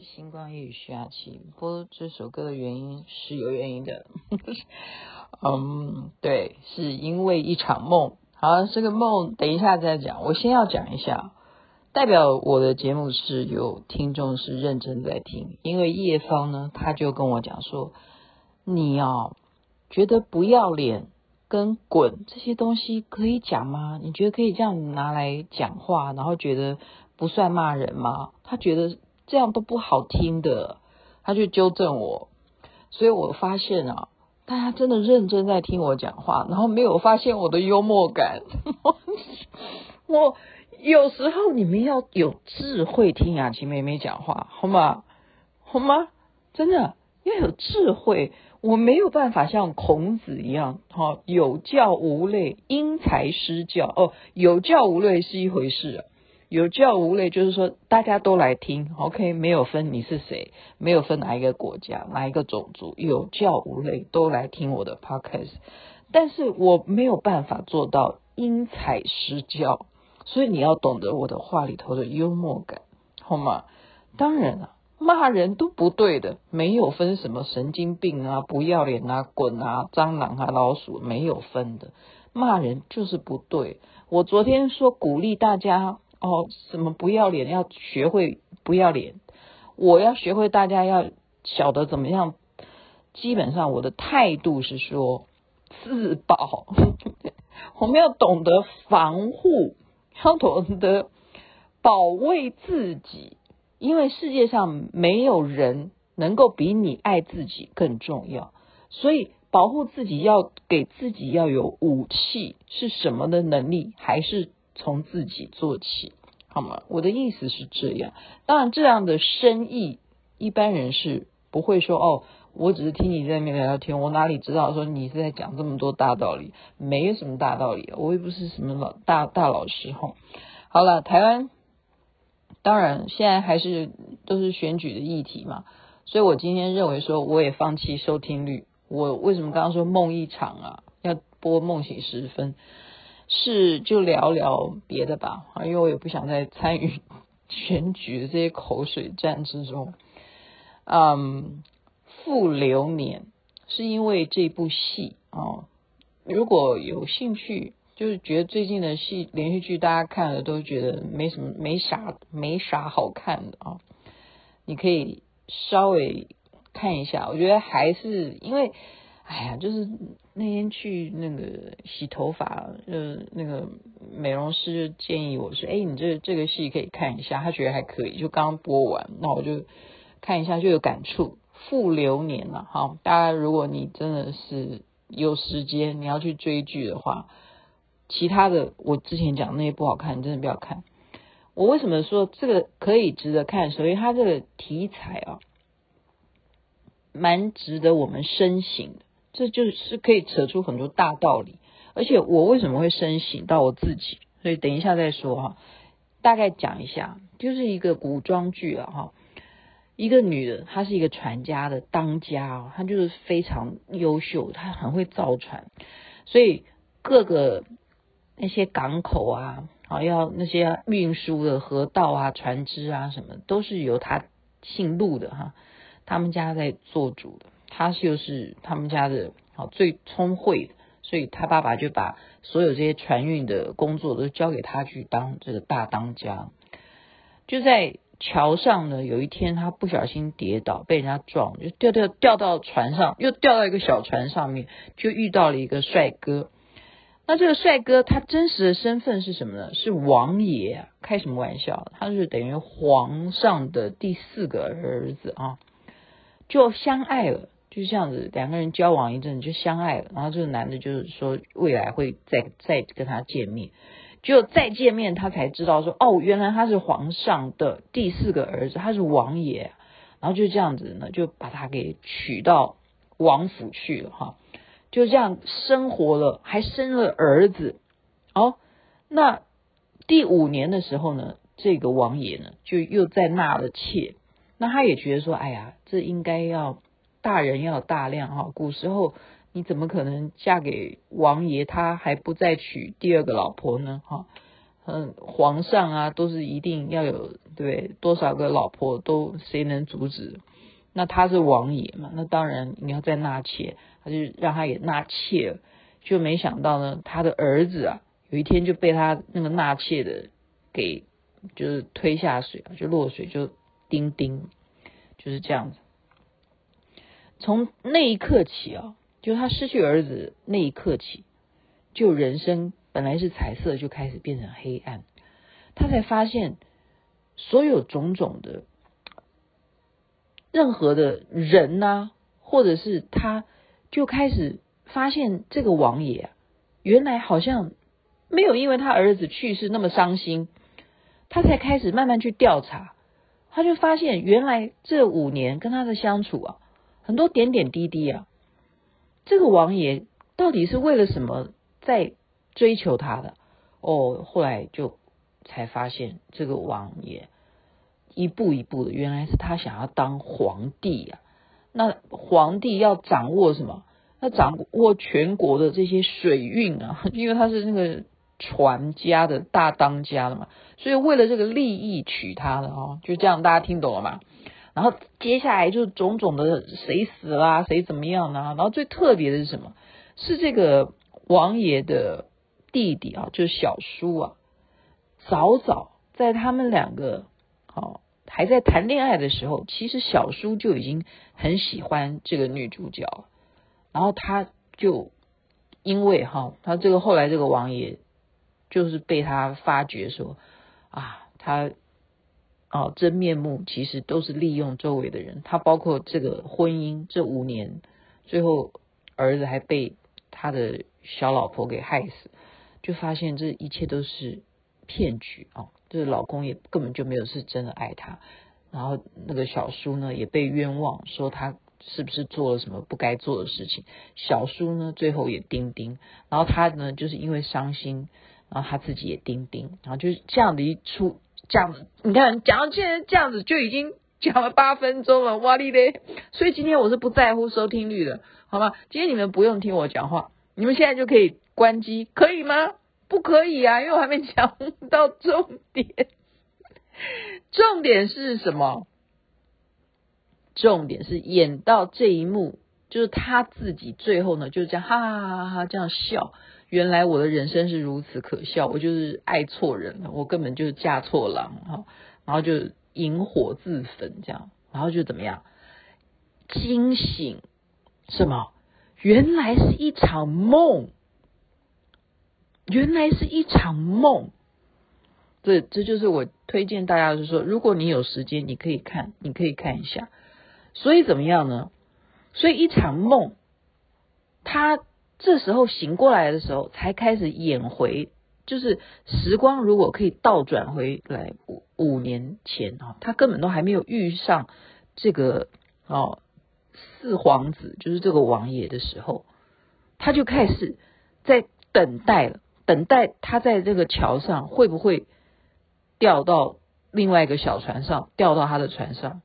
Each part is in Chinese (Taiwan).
星光夜語徐雅琪，播這首歌的原因是有原因的， 嗯，對，是因為一場夢。好，這個夢等一下再講。我先要講一下，代表我的節目是有聽眾是認真在聽，因為葉芳呢，他就跟我講說，你哦，覺得不要臉跟滾這些東西可以講嗎？你覺得可以這樣拿來講話，然後覺得不算罵人嗎？他覺得。這樣都不好聽的，他就糾正我，所以我發現啊，大家真的認真在聽我講話，然後沒有發現我的幽默感。 我有時候你們要有智慧聽雅、啊、琪妹妹講話，好嗎？好嗎？真的要有智慧，我沒有辦法像孔子一樣，哈、哦，有教無類，因材施教。哦，有教無類是一回事啊。有教無類，就是說大家都來聽，OK，沒有分你是誰，沒有分哪一個國家、哪一個種族，有教無類，都來聽我的 podcast。但是我沒有辦法做到因材施教，所以你要懂得我的話裡頭的幽默感，好嗎？當然了啊，罵人都不對的，沒有分什麼神經病啊、不要臉啊、滾啊、蟑螂啊、老鼠，沒有分的，罵人就是不對。我昨天說鼓勵大家。哦，什麼不要臉？要學會不要臉。我要學會，大家要曉得怎麼樣。基本上我的態度是說，自保。 我們要懂得防護，要懂得保衛自己，因為世界上沒有人能夠比你愛自己更重要。所以保護自己要給自己要有武器，是什麼的能力還是？從自己做起，好嗎？我的意思是這樣。當然，這樣的生意一般人是不會說哦。我只是聽你在那邊聊聊天，我哪裡知道說你是在講這麼多大道理？沒有什麼大道理，我又不是什麼老大大老師。好了，台灣當然現在還是都是選舉的議題嘛，所以我今天認為說我也放棄收聽率。我為什麼剛剛說夢一場啊？要播夢醒時分。是，就聊聊別的吧，啊，因為我也不想再參與選舉的這些口水戰之中。嗯，《覆流年》，是因為這部戲啊、哦。如果有興趣，就是覺得最近的戲連續劇大家看了都覺得沒什麼、沒啥、沒啥好看的啊、哦，你可以稍微看一下。我覺得還是因為。哎呀，就是那天去那個洗頭髮，呃、就是，那個美容師就建議我說：“哎，你這這個戲可以看一下。”他覺得還可以，就剛播完，那我就看一下就有感觸，《覆流年、啊》了。好，大家如果你真的是有時間你要去追劇的話，其他的我之前講的那些不好看，你真的不要看。我為什麼說這個可以值得看？首先，它這個題材啊、哦，蠻值得我們深省的。這就是可以扯出很多大道理，而且我為什麼會深省到我自己？所以等一下再說哈，大概講一下，就是一個古裝劇了啊哈。一個女的，她是一個船家的當家哦，她就是非常優秀，她很會造船，所以各個那些港口啊，還要那些運輸的河道啊、船只啊什麼，都是由她姓陸的哈，他們家在做主的。他就是他們家的啊最聰慧的，所以他爸爸就把所有這些船運的工作都交給他去當這個大當家。就在橋上呢，有一天他不小心跌倒，被人家撞，就掉掉掉到船上，又掉到一個小船上面，就遇到了一個帥哥。那這個帥哥他真實的身份是什麼呢？是王爺，開什麼玩笑？他是等於皇上的第四個兒子啊，就相愛了。就這樣子，兩個人交往一陣，就相愛了，然後這個男的就是說未來會再再跟他見面，只有再見面他才知道說哦，原來他是皇上的第四個兒子，他是王爺，然後就這樣子呢，就把他給娶到王府去了哈，就這樣生活了，還生了兒子。哦，那第五年的時候呢，這個王爺呢就又再納了妾，那他也覺得說，哎呀，這應該要。大人要有大量哈、哦，古時候你怎麼可能嫁給王爺，他還不再娶第二個老婆呢哈？嗯、哦，皇上啊都是一定要有，對，對多少個老婆都誰能阻止？那他是王爺嘛，那當然你要再納妾，他就讓他也納妾，就沒想到呢，他的兒子啊有一天就被他那個納妾的給就是推下水就落水就叮叮，就是這樣子。從那一刻起啊、哦，就他失去兒子那一刻起，就人生本來是彩色，就開始變成黑暗。他才發現所有種種的任何的人吶、啊，或者是他就開始發現這個王爺啊，原來好像沒有因為他兒子去世那麼傷心。他才開始慢慢去調查，他就發現原來這五年跟他的相處啊。很多點點滴滴啊，這個王爺到底是為了什麼在追求他的？哦，後來就才發現，這個王爺一步一步的，原來是他想要當皇帝呀，啊。那皇帝要掌握什麼？他掌握全國的這些水運啊，因為他是那個船家的大當家的嘛，所以為了這個利益娶她的哦，就這樣，大家聽懂了嗎？然後接下來就種種的誰死啦、啊，誰怎麼樣呢？然後最特別的是什麼？是這個王爺的弟弟啊，就是小叔啊，早早在他們兩個好、哦、還在談戀愛的時候，其實小叔就已經很喜歡這個女主角。然後他就因為哈、啊，他這個後來這個王爺就是被他發覺說啊，他。哦，真面目其實都是利用周圍的人，他包括這個婚姻，這五年最後兒子還被他的小老婆給害死，就發現這一切都是騙局啊！這、哦、老公也根本就沒有是真的愛他，然後那個小叔呢也被冤枉，說他是不是做了什麼不該做的事情，小叔呢最後也釘釘，然後他呢就是因為傷心，然後他自己也釘釘，然後就是這樣的一出。講，你看講到現在這樣子就已經講了八分鐘了，哇哩嘞！所以今天我是不在乎收聽率的，好嗎？今天你們不用聽我講話，你們現在就可以關機，可以嗎？不可以啊，因為我還沒講到重點。重點是什麼？重點是演到這一幕，就是他自己最後呢，就是這樣哈哈哈這樣笑。原來我的人生是如此可笑，我就是愛錯人了，我根本就是嫁錯郎啊，然後就引火自焚這樣，然後就怎麼樣驚醒？是嗎？原來是一場夢，原來是一場夢。這這就是我推薦大家，就是說，如果你有時間，你可以看，你可以看一下。所以怎麼樣呢？所以一場夢，它。這時候醒過來的時候，才開始演回，就是時光如果可以倒轉回來五五年前啊、哦，他根本都還沒有遇上這個哦四皇子，就是這個王爺的時候，他就開始在等待了，等待他在這個橋上會不會掉到另外一個小船上，掉到他的船上，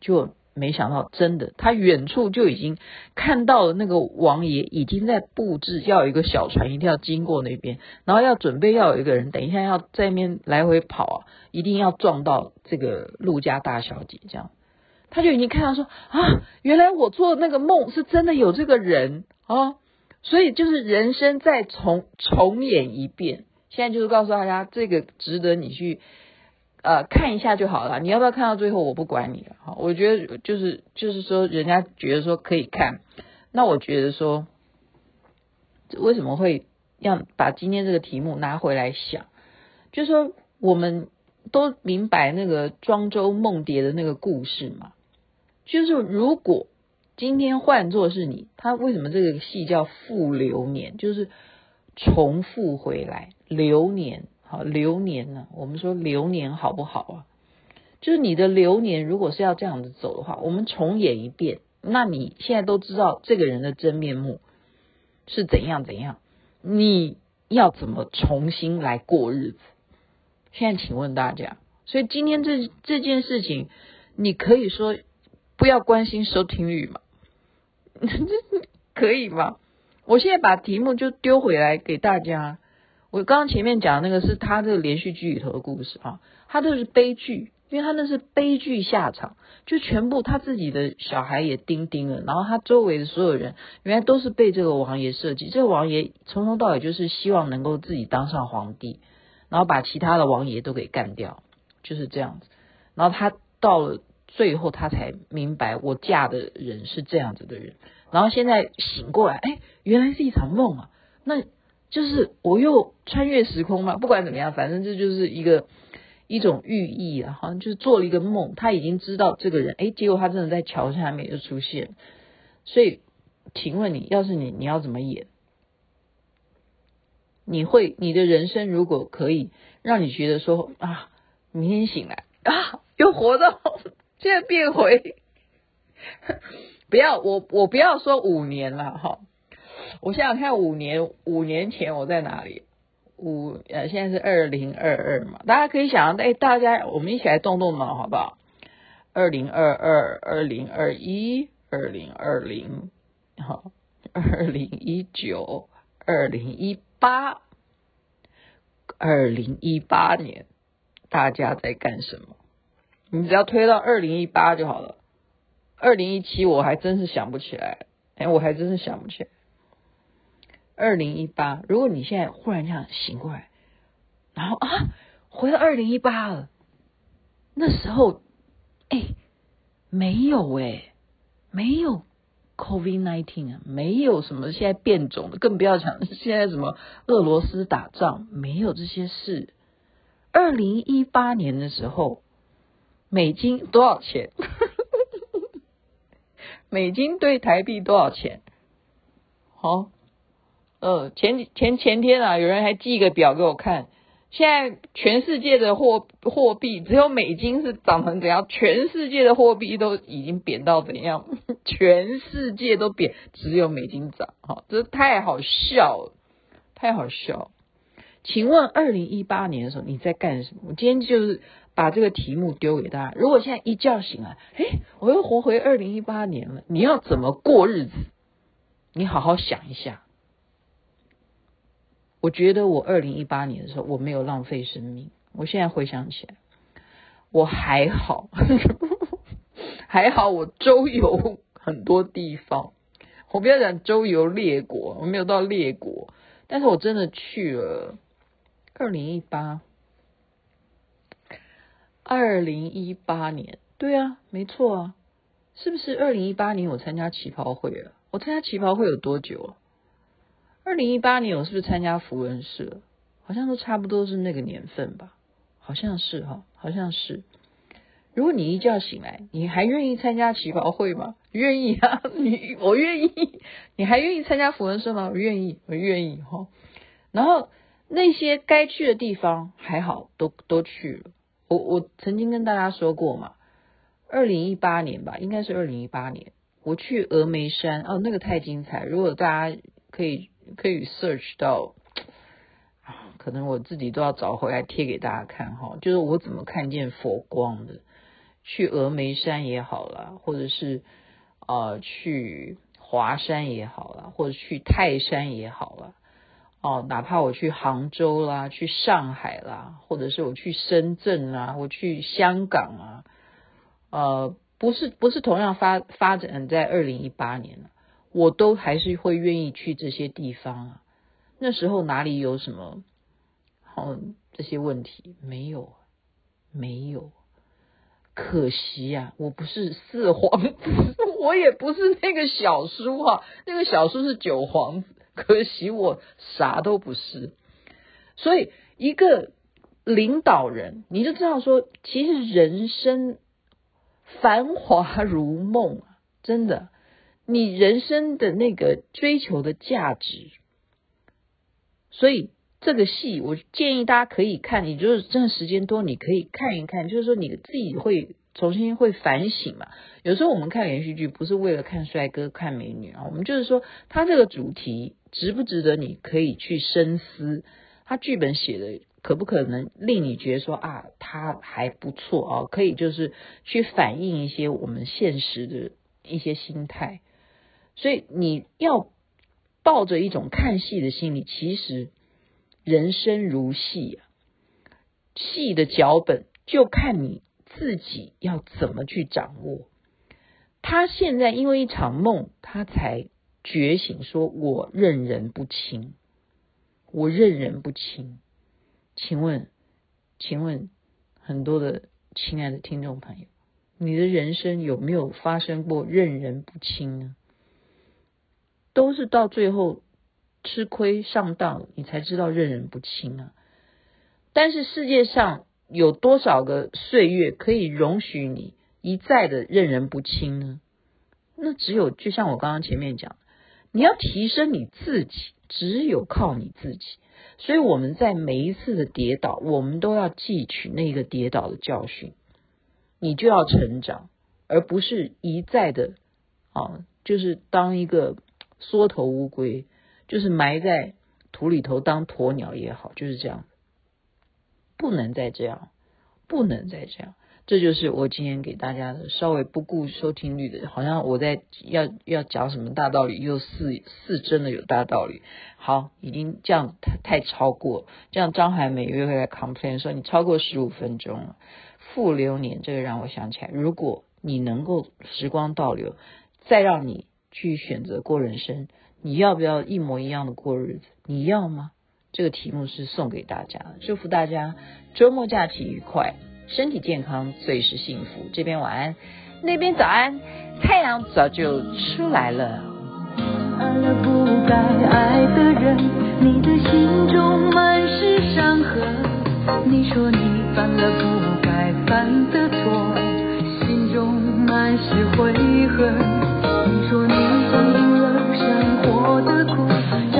就。沒想到，真的，他遠處就已經看到了那個王爺已經在布置，要有一個小船一定要經過那邊，然後要準備要有一個人，等一下要在那邊來回跑啊，一定要撞到這個陸家大小姐。這樣，他就已經看到說啊，原來我做的那個夢是真的有這個人啊，所以就是人生再重重演一遍。現在就是告訴大家，這個值得你去。呃，看一下就好了。你要不要看到最後？我不管你了。好，我覺得就是、就是、就是說，人家覺得說可以看，那我覺得說，為什麼會要把今天這個題目拿回來想？就說我們都明白那個莊周夢蝶的那個故事嘛。就是如果今天換作是你，他為什麼這個戲叫復流年？就是重複回來，流年。流年呢？我們說流年好不好啊？就是你的流年，如果是要這樣子走的話，我們重演一遍。那你現在都知道這個人的真面目是怎樣怎樣，你要怎麼重新來過日子？現在請問大家，所以今天這這件事情，你可以說不要關心收聽率嗎？ 可以嗎？我現在把題目就丟回來給大家。我剛剛前面講的那個是他這個連續劇裡頭的故事啊，他這個是悲劇，因為他那是悲劇下場，就全部他自己的小孩也釘釘了，然後他周圍的所有人原來都是被這個王爺設計，這個王爺從頭到尾就是希望能夠自己當上皇帝，然後把其他的王爺都給幹掉，就是這樣子。然後他到了最後，他才明白我嫁的人是這樣子的人，然後現在醒過來，哎，原來是一場夢啊，那。就是我又穿越時空嘛，不管怎麼樣，反正這就是一個一種寓意好，啊、哈，就是做了一個夢，他已經知道這個人，誒、哎，結果他真的在橋下面就出現，所以請問你，要是你，你要怎麼演？你會，你的人生如果可以讓你覺得說啊，明天醒來啊，又活到現在變回， 不要我我不要說五年了哈。我想想看，五年五年前我在哪裡？五，呃，現在是二零二二嘛，大家可以想像，哎、欸，大家我們一起來動動腦，好不好？二零二二、二零二一、二零二零，好，二零一九、二零一八、二零一八年，大家在幹什麼？你只要推到二零一八就好了。二零一七我還真是想不起來，哎、欸，我還真是想不起來。二零一八，如果你現在忽然這樣醒過來，然後啊，回到二零一八了，那時候，哎，沒有哎，沒有 COVID nineteen 啊，沒有什麼現在變種的，更不要講現在什麼俄羅斯打仗，沒有這些事。二零一八年的時候，美金多少錢？ 美金兌台幣多少錢？好。呃、嗯，前前前天啊，有人還寄一個表給我看。現在全世界的貨貨幣只有美金是漲成怎樣，全世界的貨幣都已經貶到怎樣，全世界都貶，只有美金漲。哈、哦，這太好笑了，太好笑。請問二零一八年的時候你在幹什麼？我今天就是把這個題目丟給大家。如果現在一覺醒了，誒，我又活回二零一八年了，你要怎麼過日子？你好好想一下。我覺得我二零一八年的時候，我沒有浪費生命，我現在回想起來，我還好呵呵，還好我周遊很多地方，我不要講周遊列國，我沒有到列國，但是我真的去了。二零一八，二零一八年，對啊，沒錯啊，是不是二零一八年我參加旗袍會啊？我參加旗袍會有多久啊？二零一八年，我是不是參加扶輪社？好像都差不多是那個年份吧，好像是哈，好像是。如果你一覺醒來，你還願意參加旗袍會嗎？願意啊，你我願意。你還願意參加扶輪社嗎？我願意，我願意哈。然後那些該去的地方，還好都都去了。我我曾經跟大家說過嘛，二零一八年吧，應該是二零一八年，我去峨眉山哦，那個太精彩。如果大家可以。可以 search 到。啊，可能我自己都要找回來貼給大家看哈，就是我怎麼看見佛光的？去峨眉山也好了，或者是啊、呃，去華山也好了，或者去泰山也好了，哦、呃，哪怕我去杭州啦，去上海啦，或者是我去深圳啦、啊，我去香港啊，呃，不是，不是同樣發發展在二零一八年了。我都還是會願意去這些地方啊。那時候哪裡有什麼好、哦、這些問題？沒有，沒有。可惜啊，我不是四皇子，我也不是那個小叔啊。那個小叔是九皇子，可惜我啥都不是。所以，一個領導人，你就知道說，其實人生繁華如夢啊，真的。你人生的那個追求的價值，所以這個戲我建議大家可以看，你就是真的時間多，你可以看一看，就是說你自己會重新會反省嘛。有時候我們看連續劇不是為了看帥哥看美女啊，我們就是說它這個主題值不值得你可以去深思，它劇本寫的可不可能令你覺得說啊，他還不錯啊、哦，可以就是去反映一些我們現實的一些心態。所以你要抱着一種看戲的心理，其實人生如戲啊，戲的腳本就看你自己要怎麼去掌握。他現在因為一場夢，他才覺醒說，說我認人不清，我認人不清。請問，請問，很多的親愛的聽眾朋友，你的人生有沒有發生過認人不清呢？都是到最後吃虧上當，你才知道認人不清啊！但是世界上有多少個歲月可以容許你一再的認人不清呢？那只有，就像我剛剛前面講，你要提升你自己，只有靠你自己。所以我們在每一次的跌倒，我們都要汲取那個跌倒的教訓，你就要成長，而不是一再的啊，就是當一個。縮頭烏龜，就是埋在土裡頭當鴕鳥也好，就是這樣不能再這樣，不能再這樣。這就是我今天給大家的稍微不顧收聽率的，好像我在要要講什麼大道理，又似似真的有大道理。好，已經這樣太太超過，這樣張海美又會來 complain 說你超過十五分鐘了。覆流年，這個讓我想起來，如果你能夠時光倒流，再讓你。去選擇過人生，你要不要一模一樣的過日子？你要嗎？這個題目是送給大家，祝福大家週末假期愉快，身體健康最是幸福。這邊晚安，那邊早安，太陽早就出來了。愛了不該愛的人，你的心中滿是傷痕。你說你犯了不該犯的錯，心中滿是悔恨。我的苦。